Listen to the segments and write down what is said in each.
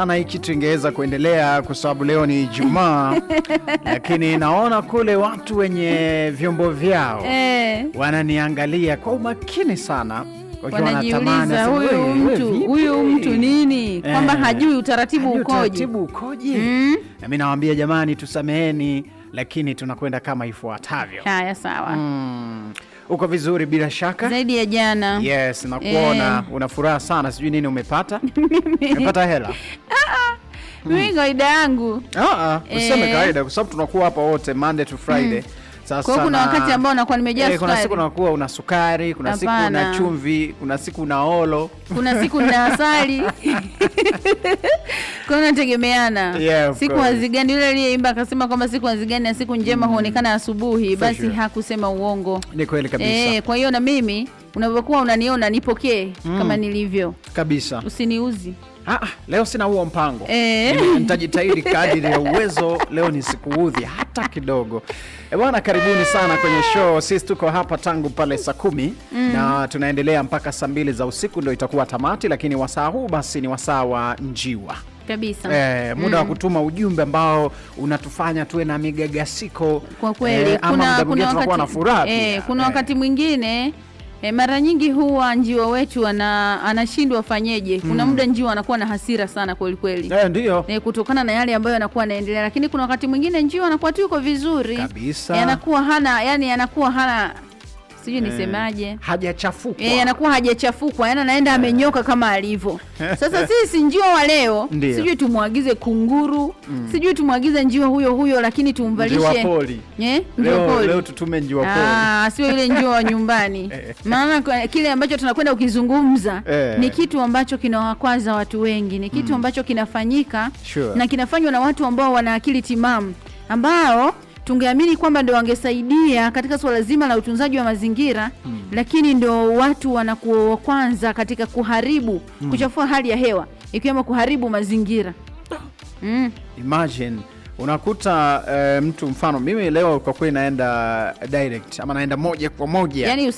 sana hii kitu ingeweza kuendelea kwa sababu leo ni Ijumaa, lakini naona kule watu wenye vyombo vyao eh, wananiangalia kwa umakini sana wanajiuliza huyu mtu huyu mtu nini, eh. kwamba eh, hajui utaratibu ukoje, ukoje? Mm. Na mi nawaambia jamani, tusameheni, lakini tunakwenda kama ifuatavyo. Haya, sawa. Mm. Uko vizuri bila shaka zaidi ya jana? Yes, nakuona eh, una furaha sana, sijui nini umepata. Umepata hela? mimi hmm. kawaida yangu ah, ah, useme eh. kawaida, kwa sababu tunakuwa hapa wote Monday to Friday. Hmm. Sasa kuna wakati ambao unakuwa nimejaa eh, sukari. Kuna siku unakuwa una sukari, kuna siku una chumvi, kuna siku una olo, kuna siku una asali. Kwa hiyo nategemeana Yeah, siku wazigani yule aliyeimba akasema kwamba siku wazigani na siku njema mm, huonekana asubuhi, basi sure, hakusema uongo. Ni kweli kabisa. Eh, kwa hiyo na mimi unavyokuwa unaniona nipokee mm, kama nilivyo. Kabisa. Usiniuzi. Ah, ah, leo sina huo mpango e. Nitajitahidi kadiri ya uwezo, leo nisikuudhi hata kidogo. E bwana, karibuni sana kwenye show. Sisi tuko hapa tangu pale saa kumi mm. na tunaendelea mpaka saa mbili za usiku ndio itakuwa tamati, lakini wasaa huu basi ni wasaa wa njiwa kabisa eh, muda wa mm. kutuma ujumbe ambao unatufanya tuwe na migagasiko kwa kweli eh, kuna, kuna wakati, na furaha eh, kuna wakati eh. mwingine E, mara nyingi huwa njiwa wetu ana, anashindwa afanyeje. Kuna hmm. muda njiwa anakuwa na hasira sana kweli kweli. Eh, ndio. E, kutokana na yale ambayo anakuwa anaendelea, lakini kuna wakati mwingine njiwa anakuwa tu yuko vizuri kabisa. E, anakuwa hana yani anakuwa hana sijui nisemaje, eh, hajachafukwa eh, anakuwa hajachafukwa, yaani anaenda eh. amenyoka kama alivyo. Sasa sisi njio wa leo sijui tumwagize kunguru mm. sijui tumwagize njio huyo huyo, lakini tumvalishe eh, leo, leo tutume njio poli ah, sio ile njio wa nyumbani eh. maana kile ambacho tunakwenda ukizungumza eh, ni kitu ambacho kinawakwaza watu wengi, ni kitu mm. ambacho kinafanyika sure, na kinafanywa na watu ambao wana akili timamu ambao tungeamini kwamba ndio wangesaidia katika suala zima la utunzaji wa mazingira mm. Lakini ndio watu wanakuwa wa kwanza katika kuharibu mm. kuchafua hali ya hewa ikiwemo kuharibu mazingira mm. Imagine unakuta uh, mtu mfano mimi leo kwa kweli naenda direct ama naenda moja kwa moja, yani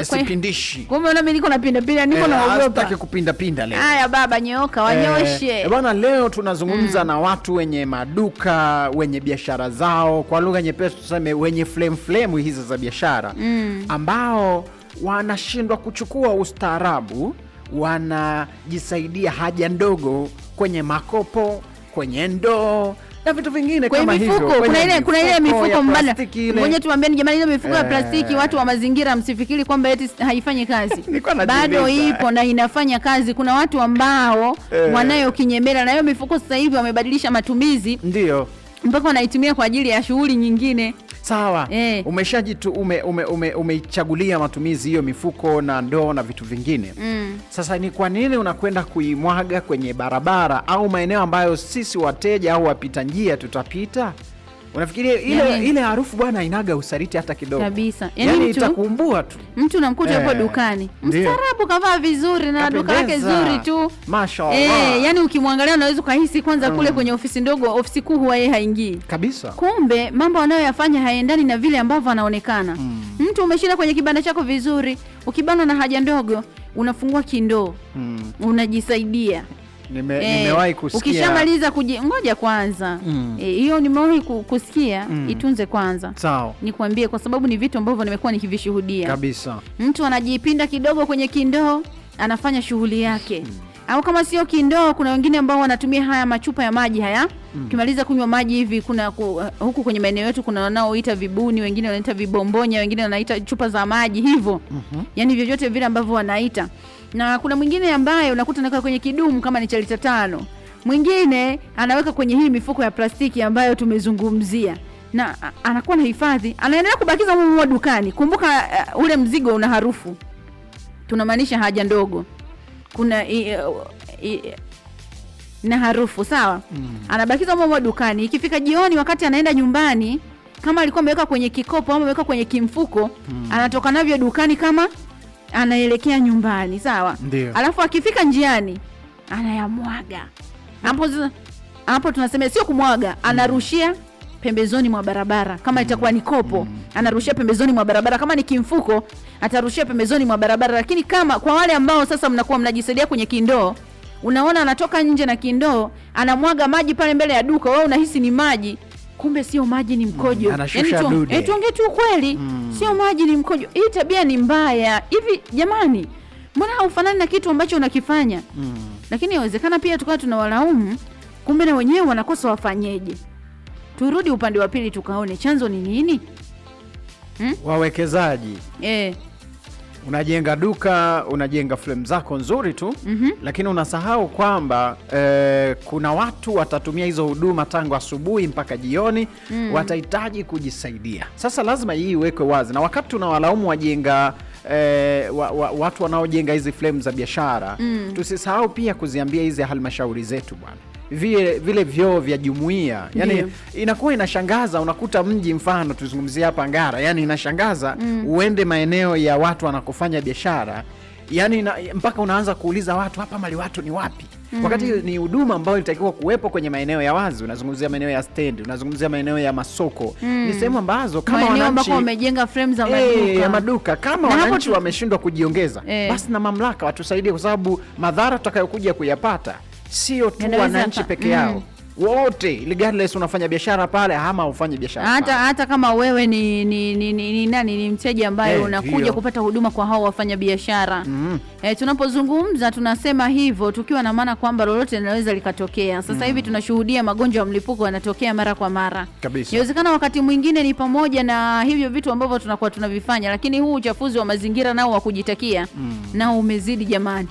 usipindishi. kwa maana mimi niko napinda pinda, niko eh, naogopa, hataki kupinda pinda leo. Haya baba nyoka wanyoshe eh, bwana. Leo tunazungumza mm. na watu wenye maduka wenye biashara zao, kwa lugha nyepesi tuseme wenye flame flame hizo za biashara mm. ambao wanashindwa kuchukua ustaarabu, wanajisaidia haja ndogo kwenye makopo, kwenye ndoo na vitu vingine kama hivyo. Kuna ile kuna ile mifuko mbana, ngoja tuambieni jamani, ile mifuko ya eh. plastiki, watu wa mazingira, msifikiri kwamba eti haifanyi kazi bado ipo na inafanya kazi. Kuna watu ambao eh. wanayo kinyemela na hiyo mifuko, sasa hivi wamebadilisha matumizi, ndio mpaka wanaitumia kwa ajili ya shughuli nyingine sawa eh. Umeshajitu umeichagulia ume, ume, matumizi hiyo mifuko na ndoo na vitu vingine mm. Sasa ni kwa nini unakwenda kuimwaga kwenye barabara au maeneo ambayo sisi wateja au wapita njia tutapita? Unafikiri ile yaani- ile harufu bwana inaga usariti hata kidogo kabisa, yani yani itakumbua tu mtu unamkuta hapo eh, dukani mstaarabu kavaa vizuri na duka lake zuri tu mashallah eh, yani ukimwangalia unaweza ukahisi kwanza mm, kule kwenye ofisi ndogo ofisi kuu huwa yeye haingii kabisa, kumbe mambo anayoyafanya haendani na vile ambavyo anaonekana mm. Mtu umeshinda kwenye kibanda chako vizuri, ukibanwa na haja ndogo unafungua kindoo mm, unajisaidia Nime, e, nimewahi kusikia. Ukishamaliza kuji ngoja kwanza mm. Eh, hiyo mm. E, nimewahi kusikia mm. Itunze kwanza, sawa, nikwambie, kwa sababu ni vitu ambavyo nimekuwa nikivishuhudia kabisa. Mtu anajipinda kidogo kwenye kindoo, anafanya shughuli yake mm au kama sio kindoo, kuna wengine ambao wanatumia haya machupa ya maji haya mm. Ukimaliza kunywa maji hivi, kuna ku, uh, huku kwenye maeneo yetu kuna wanaoita vibuni, wengine wanaita vibombonya, wengine wanaita chupa za maji hivyo mm -hmm. Yani vyovyote vile ambavyo wanaita, na kuna mwingine ambaye unakuta anaweka kwenye kidumu kama ni cha lita tano, mwingine anaweka kwenye hii mifuko ya plastiki ambayo tumezungumzia na anakuwa na hifadhi, anaendelea kubakiza humo dukani. Kumbuka uh, ule mzigo una harufu, tunamaanisha haja ndogo kuna i, i, na harufu sawa. Mm. Anabakizwa mmoja dukani, ikifika jioni, wakati anaenda nyumbani, kama alikuwa ameweka kwenye kikopo au ameweka kwenye kimfuko mm. anatoka navyo dukani kama anaelekea nyumbani sawa. Ndiyo. Alafu akifika njiani anayamwaga hapo, hapo tunasema sio kumwaga, anarushia pembezoni mwa barabara kama mm. itakuwa ni kopo mm. anarushia pembezoni mwa barabara, kama ni kimfuko atarushia pembezoni mwa barabara. Lakini kama kwa wale ambao sasa mnakuwa mnajisaidia kwenye kindoo, unaona anatoka nje na kindoo anamwaga maji pale mbele ya duka, wewe unahisi ni maji kumbe sio maji, ni mkojo. Mm, yaani eh, tuongee tu kweli, mm. sio maji, ni mkojo. Hii tabia ni mbaya. Hivi jamani, mbona haufanani na kitu ambacho unakifanya? mm. Lakini inawezekana pia tukawa tunawalaumu, kumbe na wenyewe wanakosa wafanyeje turudi upande wa pili tukaone chanzo ni nini hmm? Wawekezaji e. Unajenga duka unajenga flem zako nzuri tu mm -hmm. Lakini unasahau kwamba e, kuna watu watatumia hizo huduma tangu asubuhi mpaka jioni mm -hmm. Watahitaji kujisaidia. Sasa lazima hii iwekwe wazi, na wakati tunawalaumu wajenga eh, wa, wa, watu wanaojenga hizi flemu za biashara mm Tusisahau pia kuziambia hizi halmashauri zetu bwana vile, vile vyoo vya jumuiya yani yeah. Inakuwa inashangaza, unakuta mji mfano tuzungumzie hapa Ngara, yani inashangaza mm. Uende maeneo ya watu wanakofanya biashara yani ina, mpaka unaanza kuuliza watu hapa mali watu ni wapi? mm Wakati ni huduma ambayo ilitakiwa kuwepo kwenye maeneo ya wazi, unazungumzia maeneo ya stendi, unazungumzia maeneo ya masoko mm. Ni sehemu ambazo kama wananchi ambao wamejenga frame za eh, maduka, ya maduka kama na wananchi wameshindwa kujiongeza e, basi na mamlaka watusaidie, kwa sababu madhara tutakayokuja kuyapata sio tu wananchi peke yao mm wote regardless unafanya biashara pale ama ufanye biashara hata hata kama wewe ni ni ni, ni, nani ni mteja ambaye hey, eh, unakuja hiyo, kupata huduma kwa hao wafanya biashara mm. Eh, tunapozungumza tunasema hivyo tukiwa na maana kwamba lolote linaweza likatokea. Sasa mm. hivi tunashuhudia magonjwa ya mlipuko yanatokea mara kwa mara. Inawezekana wakati mwingine ni pamoja na hivyo vitu ambavyo tunakuwa tunavifanya, lakini huu uchafuzi wa mazingira nao wa kujitakia mm. nao umezidi jamani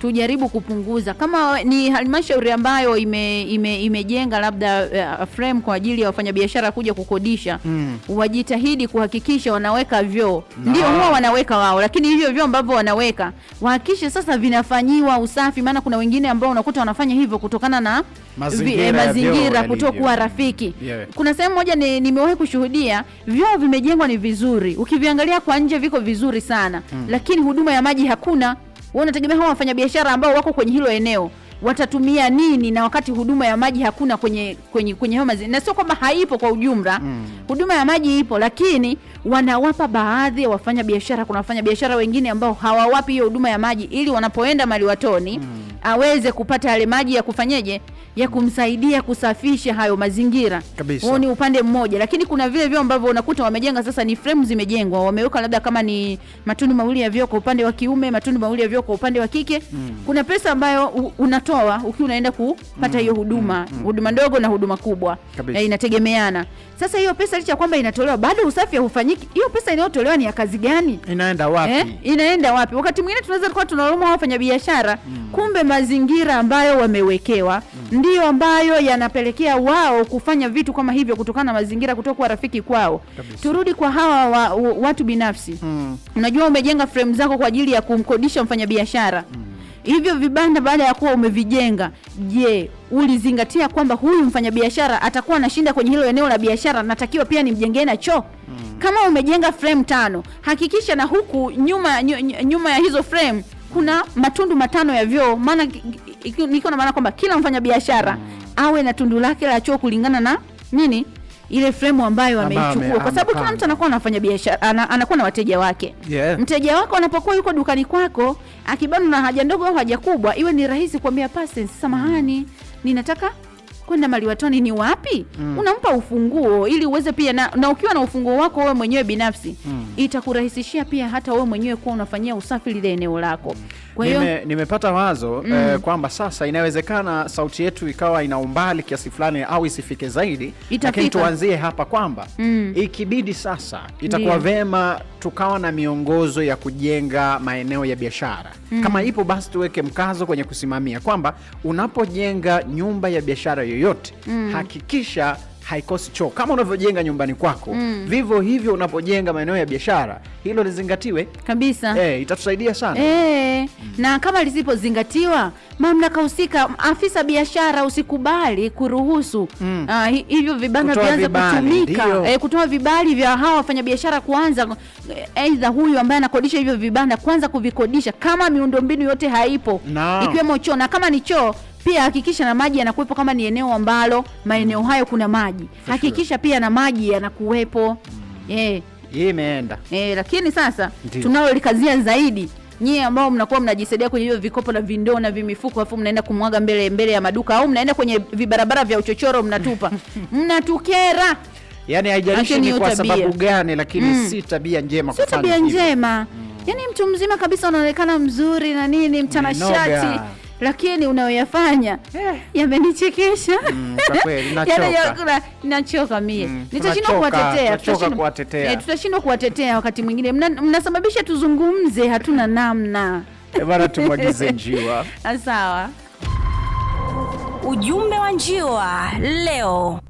tujaribu kupunguza kama ni halmashauri ambayo imejenga ime, ime labda uh, frame kwa ajili ya wafanyabiashara kuja kukodisha mm. Wajitahidi kuhakikisha wanaweka vyoo no. Ndio huwa wanaweka wao, lakini hivyo vyoo ambavyo wanaweka wahakikishe sasa vinafanyiwa usafi, maana kuna wengine ambao unakuta wanafanya hivyo kutokana na mazingira, eh, mazingira kutokuwa rafiki yeah. Kuna sehemu moja nimewahi ni kushuhudia vyoo vimejengwa ni vizuri, ukiviangalia kwa nje viko vizuri sana mm. Lakini huduma ya maji hakuna. Wewe unategemea hao wafanyabiashara ambao wako kwenye hilo eneo watatumia nini, na wakati huduma ya maji hakuna kwenye, kwenye, kwenye hao mazingira, na sio kwamba haipo kwa ujumla mm. huduma ya maji ipo, lakini wanawapa baadhi ya wafanya biashara. Kuna wafanya biashara wengine ambao hawawapi hiyo huduma ya maji, ili wanapoenda maliwatoni mm. aweze kupata yale maji ya kufanyeje ya kumsaidia kusafisha hayo mazingira. Huo ni upande mmoja, lakini kuna vile vyoo ambavyo unakuta wamejenga sasa, ni fremu zimejengwa, wameweka labda kama ni matundu mawili ya vyoo kwa upande wa kiume, matundu mawili ya vyoo kwa upande wa kike mm. kuna pesa ambayo unatoa ukiwa unaenda kupata hmm. hiyo mm. huduma mm. huduma ndogo na huduma kubwa, na inategemeana sasa. Hiyo pesa licha kwamba inatolewa, bado usafi haufanyiki haifanyiki, hiyo pesa inayotolewa ni ya kazi gani? Inaenda wapi? Eh, inaenda wapi? Wakati mwingine tunaweza tunaluma wafanya biashara mm. Kumbe mazingira ambayo wamewekewa mm. ndiyo ambayo yanapelekea wao kufanya vitu kama hivyo, kutokana na mazingira kutokuwa rafiki kwao. Kabisa. Turudi kwa hawa wa, wa, watu binafsi mm. Unajua, umejenga frame zako kwa ajili ya kumkodisha mfanyabiashara mm. Hivyo vibanda baada ya kuwa umevijenga, je, ulizingatia kwamba huyu mfanyabiashara atakuwa anashinda kwenye hilo eneo la biashara, natakiwa pia nimjengee na choo? mm. Kama umejenga frame tano, hakikisha na huku nyuma, nyuma ya hizo frame kuna matundu matano ya vyoo, maana niko na maana kwamba kila mfanyabiashara awe na tundu lake la choo kulingana na nini ile fremu ambayo ameichukua, kwa sababu kila mtu anakuwa anafanya biashara, anakuwa na wateja wake yeah. Mteja wako anapokuwa yuko dukani kwako akibana na haja ndogo au haja kubwa, iwe ni rahisi kuambia samahani, ninataka kwenda maliwatoni ni wapi? mm. Unampa ufunguo ili uweze pia na, na ukiwa na ufunguo wako wewe mwenyewe binafsi mm. itakurahisishia pia hata wewe mwenyewe kuwa unafanyia usafi lile eneo lako. nime, nimepata wazo eh, mm. eh, kwamba sasa inawezekana sauti yetu ikawa ina umbali kiasi fulani au isifike zaidi, lakini tuanzie hapa kwamba mm. ikibidi sasa itakuwa vema tukawa na miongozo ya kujenga maeneo ya biashara mm. Kama ipo basi, tuweke mkazo kwenye kusimamia kwamba unapojenga nyumba ya biashara yoyote mm. hakikisha haikosi choo. Kama unavyojenga nyumbani kwako mm. vivyo hivyo unapojenga maeneo ya biashara, hilo lizingatiwe kabisa. E, itatusaidia sana e. mm. na kama lisipozingatiwa, mamlaka husika, afisa biashara, usikubali kuruhusu mm. uh, hivyo vibanda vianze kutumika e, kutoa vibali vya hawa wafanyabiashara kuanza, aidha huyu ambaye anakodisha hivyo vibanda kwanza kuvikodisha, kama miundombinu yote haipo no. ikiwemo choo na kama ni choo pia hakikisha na maji yanakuwepo, kama ni eneo ambalo maeneo hayo kuna maji For hakikisha sure. pia na maji yanakuwepo yeah. Mm. Imeenda yeah, lakini sasa tunalolikazia zaidi nyie ambao mnakuwa mnajisaidia kwenye hiyo vikopo na vindoo na vimifuko, afu mnaenda kumwaga mbele mbele ya maduka au mnaenda kwenye vibarabara vya uchochoro mnatupa mnatukera. Yani haijalishi ni kwa sababu gani, lakini mm. si tabia njema, si tabia njema mm. Yani mtu mzima kabisa unaonekana mzuri na nini, mtanashati lakini unayoyafanya eh, yamenichekesha mm, yaani nachoka mie mm, nitashindwa kuwatetea, eh, tutashindwa kuwatetea wakati mwingine mna, mnasababisha tuzungumze, hatuna namna eh, bana, tumwagize njiwa ah, sawa. Ujumbe wa njiwa leo